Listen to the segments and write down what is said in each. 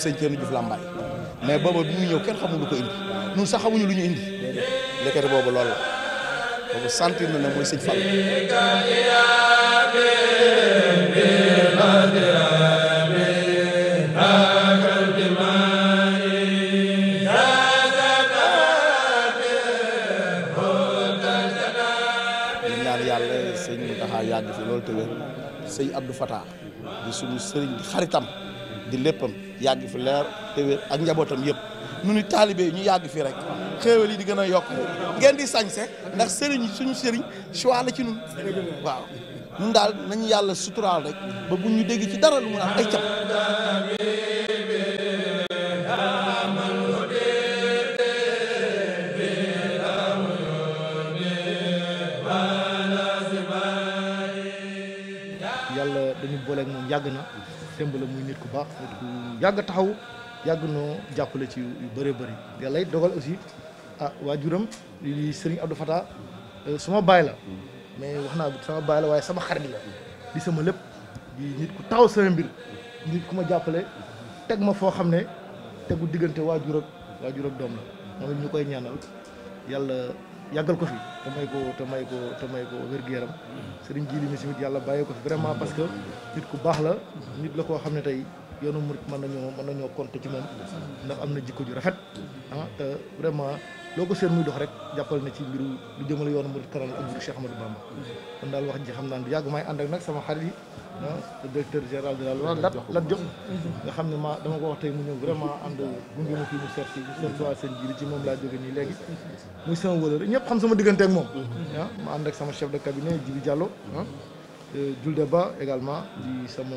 sëñ Thierno Diouf Lambaye mais booba bi muy ñëw kenn sax xamuñu lu ñu indi lekkati boobu lool la boobu sentir na ne mooy sëñ Fall yàgg fi loolu te wér sëñ abdu Fatah di suñu sëriñ di xaritam di léppam yàgg fi leer te ak njabootam yëpp nu ni taalibe ñu yàgg fi rek xéewal yi di gën a yokk ngeen di sañse ndax sëriñ suñu sëriñ choix la ci nun nun daal nañu yàlla suturaal rek ba bu ñu dégg ci dara lu mu naan ay cap yàlla dañu booleeg moom yàgg na semb la muy nit ku baax nit ku yàgg taxaw yàgg noo jàppale ci yu bëree bëri yàlla it dogal aussi ah waajuram di Serigne Abdou Fata euh, suma baay la mais wax naa sama baay la waaye sama xarit la di sama lépp di nit ku taxaw sama mbir nit ku ma jàppale teg ma foo xam ne tegu diggante waajur ak waajur ak doom la moom ñu koy ñaanal yàlla yàggal ko fi te may ko te may ko te gu yaram sëriñ ji li mi simit yàlla bàyyee fi vraiment parce que nit ku baax la nit la koo xam ne tey yoonu murit mën nañoo mën nañoo compter ci moom ndax am na jikko ju rafet ah vraiment loo ko seen muy dox rek jàppal na ci mbiru lu jëmale yoonu murit kanam ak mbiru Cheikh Amadou Bamba kon daal wax ji xam naa yàgg may ànd ak nag sama xarit yi directeur général de la loi lat lat Diop nga xam ne ma dama ko wax tey mu ñëw vraiment ànd gunge ma fii mu seet si mu seet seen jiri ci moom laa jóge nii léegi muy sama wëlëre ñëpp xam sama diggante ak moom mm-hmm. ah ma ànd ak sama chef de cabinet Djibi Diallo ah euh, Julde Ba également di sama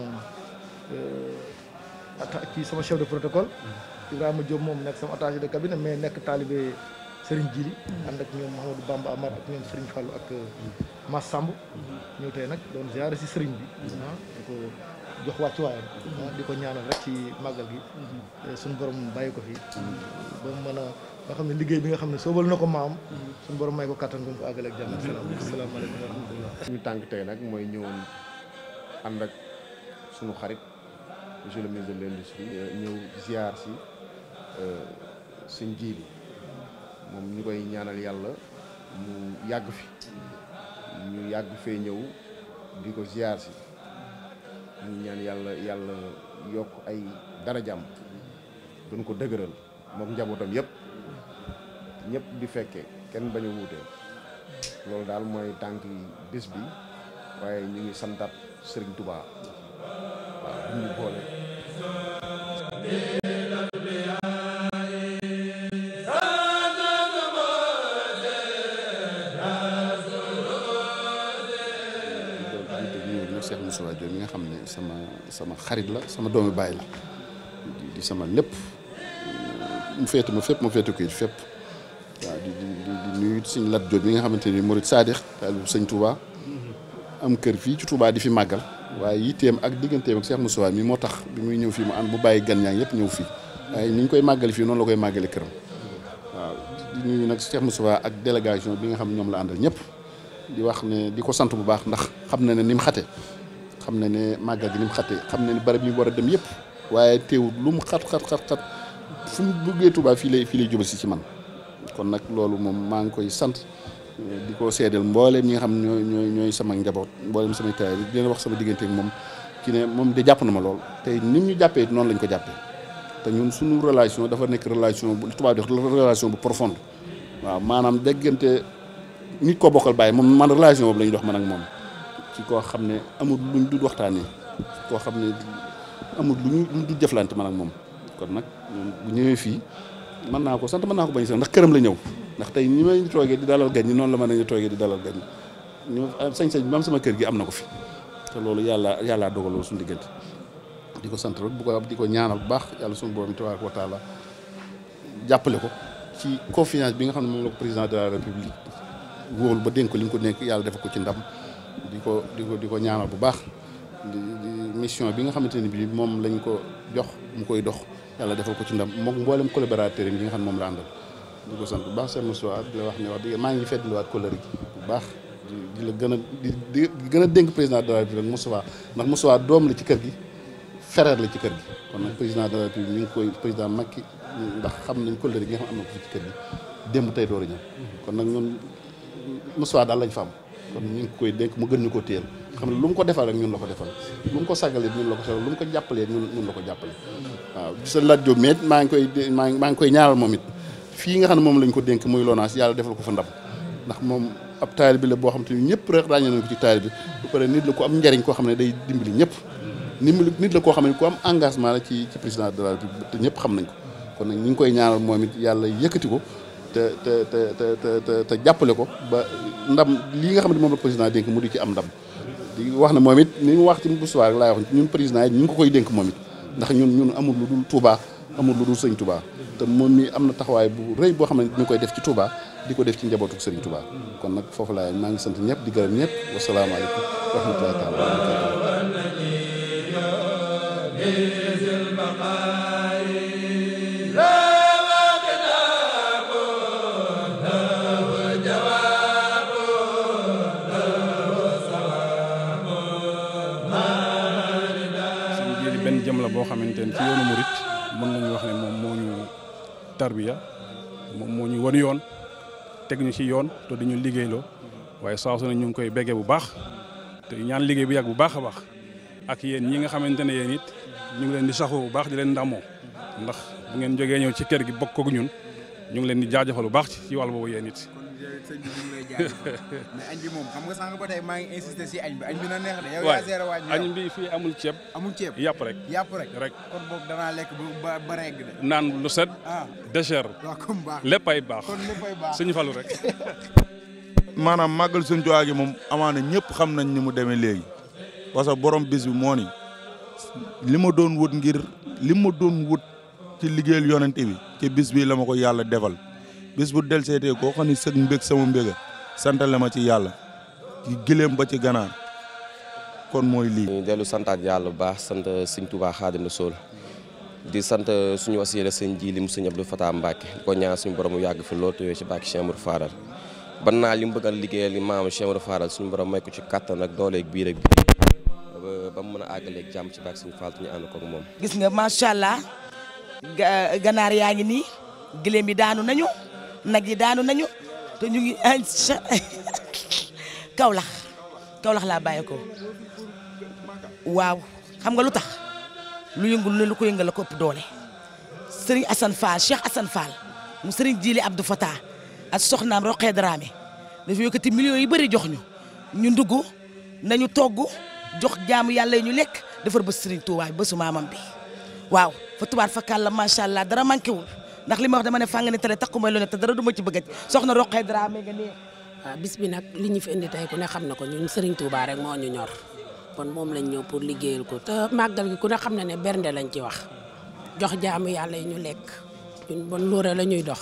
euh, atta ci sama chef de protocole mm-hmm. Ibrahima Diop moom nekk sama attaché de cabinet mais nekk taalibe Serigne Djili mm-hmm. ànd ak ñoom Mouhamadou Bamba Amar ak ñoom Serigne Fallou ak euh, Mass Samb ñëw tey nag doon ziare si sëriñ bi ah, di ko jox wàccu waayam ah, di ko ñaanal rek ci màggal gi mm-hmm. eh, suñu borom bàyyi ko fi ba mu mën a nga xam ne liggéey bi nga xam ne soobal na ko maam mm-hmm. suñu borom may ko kattan bu mu ko àggale mm-hmm. tànk tey nag mooy ñëwoon ànd ak suñu xarit monsieur le ministre de l'industrie eh, ñëw ziar si eh, suñ ji bi moom ñu koy ñaanal yàlla mu yàgg fi ñu yàgg fee ñëw di ko ziar ñu ñaan yàlla yàlla yokk ay dara jàmm gën ko dëgëral moom njabootam yëpp ñëpp di fekke kenn bañ a loolu daal mooy tànk bis bi waaye ñu ngi santaat Serigne Touba waaw bu ñu boole. sama xarit la sama doomi baay la di sama lépp mu féete ma fépp ma féete ko fépp waaw di di di nuyu Lat Diop yi nga xamante ni Murid Saadix taalibu sëñ Touba am kër fii ci Touba di fi màggal waaye yitteem ak digganteem ak Cheikh Moussa mi moo tax bi muy ñëw fii mu ànd bu bàyyi gan ñaa yëpp ñëw fii waaye ni ñu koy màggale fii noonu la koy màggale këram waaw di nuyu nag Cheikh subaa ak délégation bi nga xam ñoom la àndal ñëpp di wax ne di ko sant bu baax ndax xam na ne ni xate xam na ne màggal gi ni mu xatee xam na ne barab yi war a dem yëpp waaye teewut lu mu xat xat xat xat fu mu duggee Touba fii lay fii si ci man kon nag loolu moom maa ngi koy sant di ko seedeel mbooleem ñi nga xam ñooy ñooy ñooy sama njaboot mbooleem samay taay di leen wax sama diggante ak moom ci ne moom de jàpp na ma lool te ni ñu jàppee noonu lañ ko jàppee te ñun suñu relation dafa nekk relation bu tubaab di wax relation bu profonde waaw maanaam déggante nit ko bokkal bàyyi moom man relation boobu la ñu dox man ak moom ci koo xam ne amul luñ du waxtaanee koo xam ne amul luñu du jëflante man ak moom kon nag bu ñëwee fii man naa ko sant man naa ko bañ sax ndax këram la ñëw ndax tey ñi may toogee di dalal gan ñi noonu la ma nañu toogee di dalal gan ñi ñu ah, sañ-sañ mam sama kër gi am na ko fi te loolu yàlla yàllaa dogaloo suñu diggante di ko sant rek bu di ko ñaanal bu baax yàlla suñu borom tabaaraka wa taala jàppale ko ci confiance bi nga xam ne moom la ko président de la république wóolu ba dénk ko li ko nekk yàlla def ko ci ndam di ko di ko di ko ñaanal bu baax di mission bi nga xamante ne bii moom lañ ko jox mu koy dox yàlla defal ko ci ndam moom mboolem collaborateur yi nga xam ne moom la àndal di ko sant bu baax seen Moussa di la wax ne wax dëgg maa ngi fàttaliwaat kóllëre gi bu baax di la gën a di gën a dénk président de la République Moussa ndax Moussa doom la ci kër gi fereer la ci kër gi kon nag président de la République mi ngi koy président Macky ndax xam nañ kóllëre gi nga xam am na ko ci kër gi démb tey kon nag ñun Moussa daal lañ fa kon ñu ngi koy dénk mu gën ñu ko téel xam ne lu ko defal rek ñun la ko defal lu ko sagalee ñun la ko sagal lu mu ko jàppalee ñun ñun waaw sëñ Lat meet maa ngi koy maa ngi maa ngi koy ñaaral moom it fii nga xam ne moom lañ ko dénk muy Lonase yàlla defal ko fa ndam ndax moom ab taali bi la boo xam te ni ñëpp rek ràññee nañ ko ci ko am njariñ koo xam ne day dimbali ñëpp dimbali nit koo xam ne ku engagement la ci président de la ñëpp xam nañ ko kon nag ñu ngi koy ñaaral moomit yàlla yëkkati ko te te te te te jàppale ko ba ndam lii nga xam ne moom la président dénk mu di ci am ndam di wax ne moom it ni mu wax ci Moustapha rek laay wax ñun président yi ñu ngi ko koy dénk moom it ndax ñun ñun amul lu dul Touba amul lu dul sëñ Touba te moom mi am na taxawaay bu rëy boo xam ne ñu koy def ci Touba di ko def ci njabootu Serigne Touba kon nag foofu laay maa ngi sant ñëpp di gërëm ñëpp wasalaamaaleykum wa rahmatullahi taala jëm boo xamante ne ci yoonu murit mën nañu wax ne moom moo ñu tarbiya moom moo ñu wan yoon teg ñu ci yoon te dañu liggéeyloo waaye saa su ne ñu ngi koy béggee bu baax te ñaan liggéey bu yàgg bu baax a baax ak yéen ñi nga xamante ne yéen it ñu ngi leen di saxoo bu baax di leen ndamoo ndax bu ngeen jógee ñëw ci kër gi bokk ak ñun ñu ngi leen di jaajëfal bu baax ci wàll boobu yéen it sëñ bi ñu lay jaajëfal mais añ bi moom xam nga sànq ba tey maa ngi insister si añ bi añ bi na neex de yow yaa seere waañ añ bi fii amul ceeb amul ceeb yàpp rek yàpp rek rek kon boog danaa lekk ba ba regg de naan lu set ah décher waaw comme baax léppay baax kon léppay baax suñu falu rek maanaam màggal suñ tuwaa gi moom amaana ñëpp xam nañ ni mu demee léegi parce que borom bis bi moo ni li ma doon wut ngir li ma doon wut ci liggéeyal yonent bi ci bis bi la ma ko yàlla defal bis bu del seetee koo xam ne sëg mbég sama mbéga santale ma ci yàlla ci ba ci ganaar kon mooy lii ñu dellu santaat yàlla bu baax sant sëñ Touba Xaadimu sol di sant suñu wasiila sëñ ji limu sëñ Abdou Fatah Mbacke di ko ñaan suñu borom mu yàgg fi lool tëwee ci bàkki Cheikh Amadou Fadal bëgg a li maamu Cheikh Amadou Fadal suñu borom may ko ci kattan ak dooleeg biir ak biir ba mu mën a àggaleeg jàmm ci bàkki suñu Fall ñu ànd ko moom. gis nga macha allah ganaar yaa ngi nii gëléem yi daanu nañu. nag yi daanu nañu te ñu ngi incha Kaolack Kaolack laa bàyyi ko waaw xam nga lu tax lu yëngu lu ne lu ko yëngal la ko ëpp doole Serigne Assane Fall Cheikh Assane Fall mu Serigne Jili Abdou Fatah ak soxnaam Roqee Dramé dafa million yi yu bëri jox ñu ñu ndugg nañu togg jox jaamu yàlla yi ñu lekk defar ba Serigne Touba bésu maamam bi waaw fa tubaar fa kàlla macha allah dara manqué wul. ndax li ma wax dama ne fàng ne tere takku may lu te dara duma ma ci bëgg a soxna Roqe Dramé nga nii. waaw ah, bis bi nag li ñu fi indi tey ku ne xam na ko ñun Serigne Touba rek moo ñu ñor kon moom lañ ñëw pour liggéeyal ko te màggal gi ku ne xam na ne bernde lañ ci wax jox jaamu yàlla yi ñu lekk ñun la ñuy dox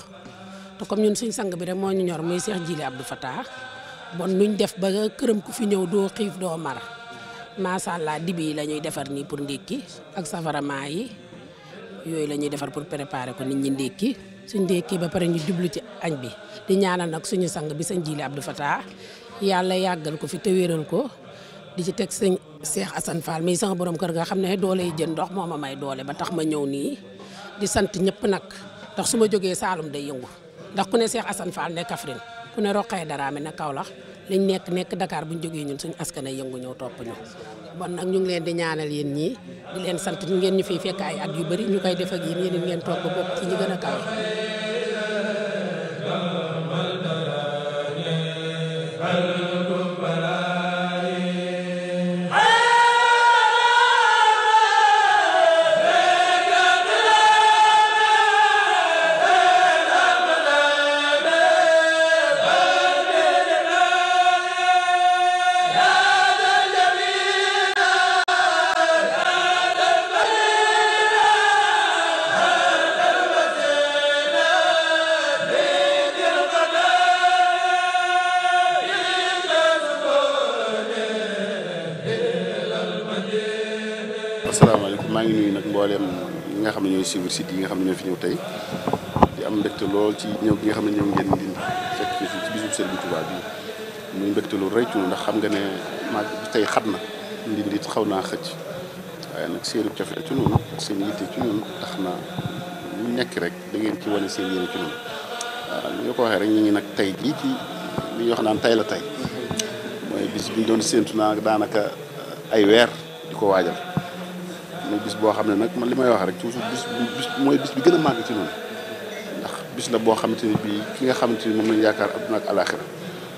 te comme ñun suñ sang bi rek moo ñu ñor muy Cheikh Djili Abdou Fatah bon nuñ def ba këram ku fi ñëw doo xiif doo mar macha allah dibi yi la ñuy defar nii pour ndékki ak safaramaa yi. yooyu lañuy defar pour préparer ko nit ñi ndékki suñ ndékki ba pare ñu jublu ci añ bi di ñaanal nag suñu sang bi sëñ Jili Abdou Fatah yàlla yàggal ko fi te wéral ko di ci teg sëñ Cheikh Assane Fall mii sama borom kër nga xam ne doole yi jën ndox moo ma may doole ba tax ma ñëw nii di sant ñëpp nag ndax su ma jógee Saalum day yëngu ndax ku ne Cheikh Assane Fall ne Kaffrine ku ne dara Daraame ne Kaolack liñ nekk nekk bu buñ jógee ñun suñu askan ay yëngu ñëw topp ñu bon nag ñu ngi leen di ñaanal yéen ñii di leen sant ngeen ñu fiy fekk ay at yu bari ñu koy def ak yéen yéen ngeen toog ba ci ñi gën a kaw Hallelujah. maa ngi nuyu nag mbooleem ñi nga xam ne ñooy suivre site yi nga xam ne ñoo fi ñëw tey di am mbégte lool ci ñëw bi nga xam ne ñëw ngeen Ndindi ci fi ci bisub Sëriñ Tuubaa bi muy mbégte loolu rëccu xam nga ne maa tey xat na Ndindi it xaw naa xëcc waaye nag seenu cofeel ci noonu ak seen yitte ci noonu tax na lu nekk rek da ngeen ci wane seen yéene ci noonu waaw ñoo ko waxee rek ñu ngi nag tey jii ci li ñuy wax naan tey la tey mooy bis bi ñu doon séentu naa daanaka ay weer di ko waajal muy bis boo xam ne nag man li may wax rek toujours bis bis mooy bis bi gën a màgg ci noonu ndax bis la boo xamante ni bii ki nga xamante ni moom lañ yaakaar adduna ak alaxira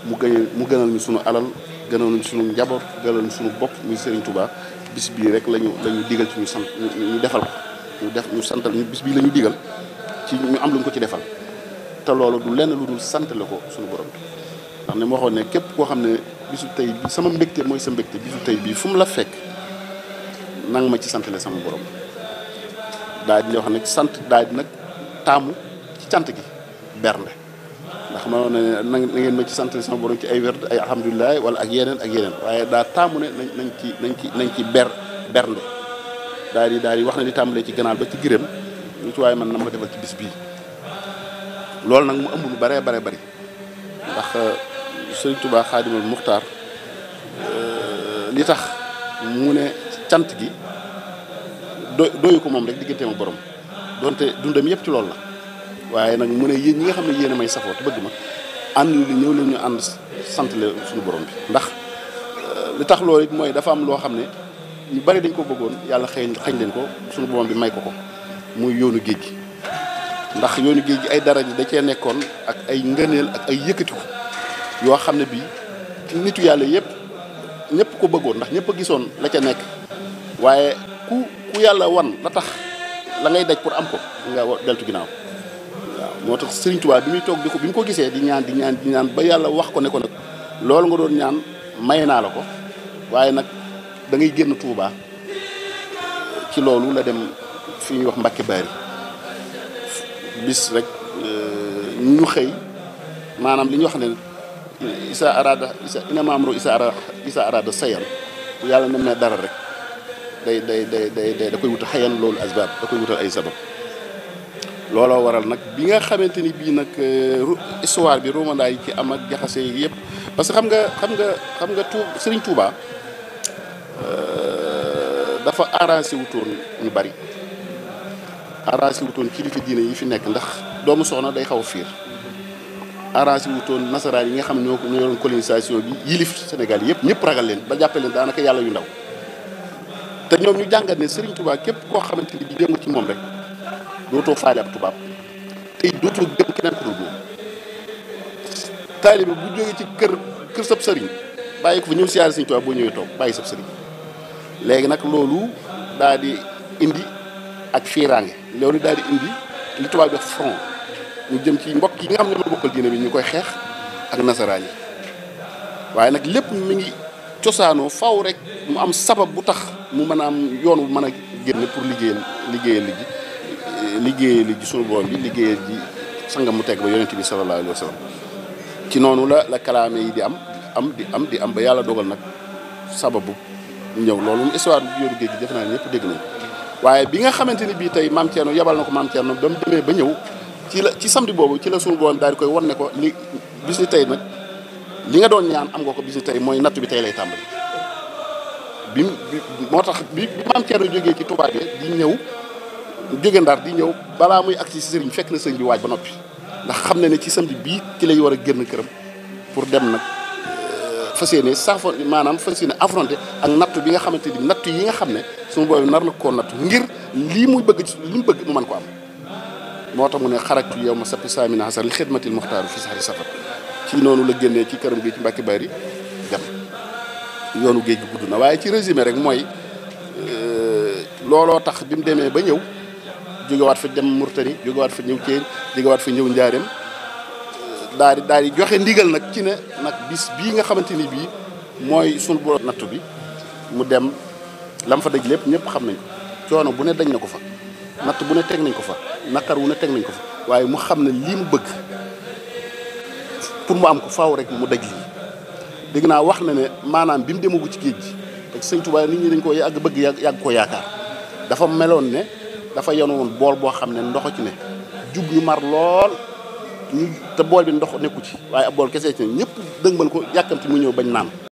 mu gënal mu gënal ñu sunu alal gënal ñu sunu njaboot gënal ñu bopp muy Serigne Touba bis bii rek lañu la ñu digal ci ñu sant ñu defal ko def ñu santal ñu bii la ñu digal ci ñu am lu ñu ko ci defal te loolu du lenn lu dul sant ko suñu borom ndax ne ma waxoon ne képp koo xam ne bisu tey bi sama mbégte mooy sa mbégte bisu tey bii fu mu la fekk nang ma ci santale sama borom daal di wax nag sant daal nag taamu ci cant gi bernde ndax ma ne na ngeen ma ci santale sama borom ci ay werd ay alhamdulilah wala ak yeneen ak waaye daa taamu ne nañ nañ ci nañ ci nañ ci ber bernde daal di daal di wax ne di tàmbalee ci ganaar ba ci gërëm lu ci waaye man na ma defal ci bis bii loolu nag mu ëmb lu bare bare bari ndax Sëriñ Tuubaa Xaadimul Muxtaar euh, li tax mu ne sant gi do doyu ko moom rek digganteem ak borom donte dundam yëpp ci loolu la waaye nag mu ne ñi nga xam ne yéen a may safoo ma li ñëw leen ñu ànd sant leen suñu boroom bi ndax euh, li tax loolu it mooy dafa am loo xam ne ñu bari dañ ko bëggoon yàlla xëy xañ leen ko suñu borom bi may ko ko muy yoonu géej gi ndax yoonu géej gi ay dara ji da cee nekkoon ak ay ngëneel ak ay yëkkatiku yoo xam ne bii nitu yàlla yëpp ñëpp ko bëggoon ndax ñëpp a gisoon la ca nekk waaye ku ku yàlla wan la tax la ngay daj pour am ko nga deltu ginnaaw moo tax Serigne Touba bi muy toog di ko bi mu ko gisee di ñaan di ñaan di ñaan ba yàlla wax ko ne ko nag loolu nga doon ñaan may naa la ko waaye nag dangay génn Touba ci loolu la dem fii ñuy wax Mbacke Bari bis rek euh, ñu xëy maanaam li ñu wax ne. isa araada isa inama amru isa ara isa arada sayan bu yàlla nam ne dara rek day day day day da koy wuta xayan loolu asbab da koy wutal ay sabab looloo waral nag bi nga xamante ni bii nag eh, histoire bi romanda yi ci am ak jaxase yi yëpp parce que xam nga xam nga xam nga tu Sëriñ Tuuba eh, dafa arrangé wutoon ñu bari arrangé wutoon kilifa diine yi fi nekk ndax doomu soxna day xaw a fiir arrangé wutoon nasaraan yi nga xam ne ñoo ñoo yoroon colonisation bi yilif Sénégal yëpp ñëpp ragal leen ba jàppee leen daanaka yàlla yu ndaw te ñoom ñu jàngat ne sëriñ Touba képp koo xamante ni bi jéem ci moom rek dootoo faale tubaab tey dootoo gëm keneen ci kër kër sab sëriñ bàyyi ko fa ñëw siyaare Serigne Touba boo ñëwee toog bàyyi sab sëriñ léegi nag loolu daal di indi ak fiiraange loolu daal di indi li tubaab bi front ñu jëm ci mbokk yi nga xam ne ñoo bokkal diine bi ñu koy xeex ak nasaraan yi waaye nag lépp mi ngi cosaanoo faw rek mu am sabab bu tax mu mën a am yoon bu mën a génn pour liggéeyal liggéeyal ji liggéeyal ji suñu borom bi liggéeyal ji sangam mu teg ba yonent bi sallallahu alayhi wa ci noonu la la kalaame di am am di am di am ba yàlla dogal nag bu ñëw loolu histoire bi yoru géej def naa ñëpp dégg nañ waaye bi nga xamante ni bii tey maam Thierno yebal na ko maam Thierno ba mu demee ba ñëw ci la ci samedi boobu ci la suñu borom daal di koy wan ne ko li bis ni tey nag li nga doon ñaan am nga ko bis ni tey mooy natt bi tey lay tàmbali. bi moo tax bi maam Thierno jógee ci Touba di ñëw jóge Ndar di ñëw balaa muy agsi si fekk na sëriñ bi waaj ba noppi ndax xam na ne ci samedi bii ci lay war a génn këram pour dem nag euh, fas yéene saafo maanaam fas yéene affronté ak nattu bi nga xamante ni nattu yi nga xam ne suñu boobu nar na koo nattu ngir lii muy bëgg li mu bëgg mu mën ko am. moo tax mu ne xarajtu yow ma sappi saamina xasar li xidmatil muxtaaru fi saxri safar ci noonu la génnee ci këram bi ci Mbàkke Bari dem yoonu géej gudd na waaye ci résumé rek mooy euh, looloo tax bi mu demee ba ñëw jógewaat fa dem Murtani jógewaat fa ñëw Ceeñ jógewaat fa ñëw Njaareem euh, daal di daal di joxe ndigal nag ci ne nag bis bii nga xamante ni bii mooy sunu bo nattu bi mu dem lam fa daj lépp ñëpp xam nañ ko coono bu ne dañ ne ko fa natt bu ne teg nañ ko fa naqar wu ne teg nañ ko fa waaye mu xam ne lii mu bëgg pour mu am ko faaw rek mu daj lii dégg naa wax na ne maanaam bi mu demagu ci géej gi parce que sëñ nit ñi dañ ko yàgg bëgg yàgg yàgg ko yaakaar dafa meloon ne dafa yenu bool boo xam ne ndox ci ne jug ñu mar lool te bool bi ndox nekku ci waaye ab bool kese ci ne ñëpp dëngal ko yàkkamti mu ñëw bañ naan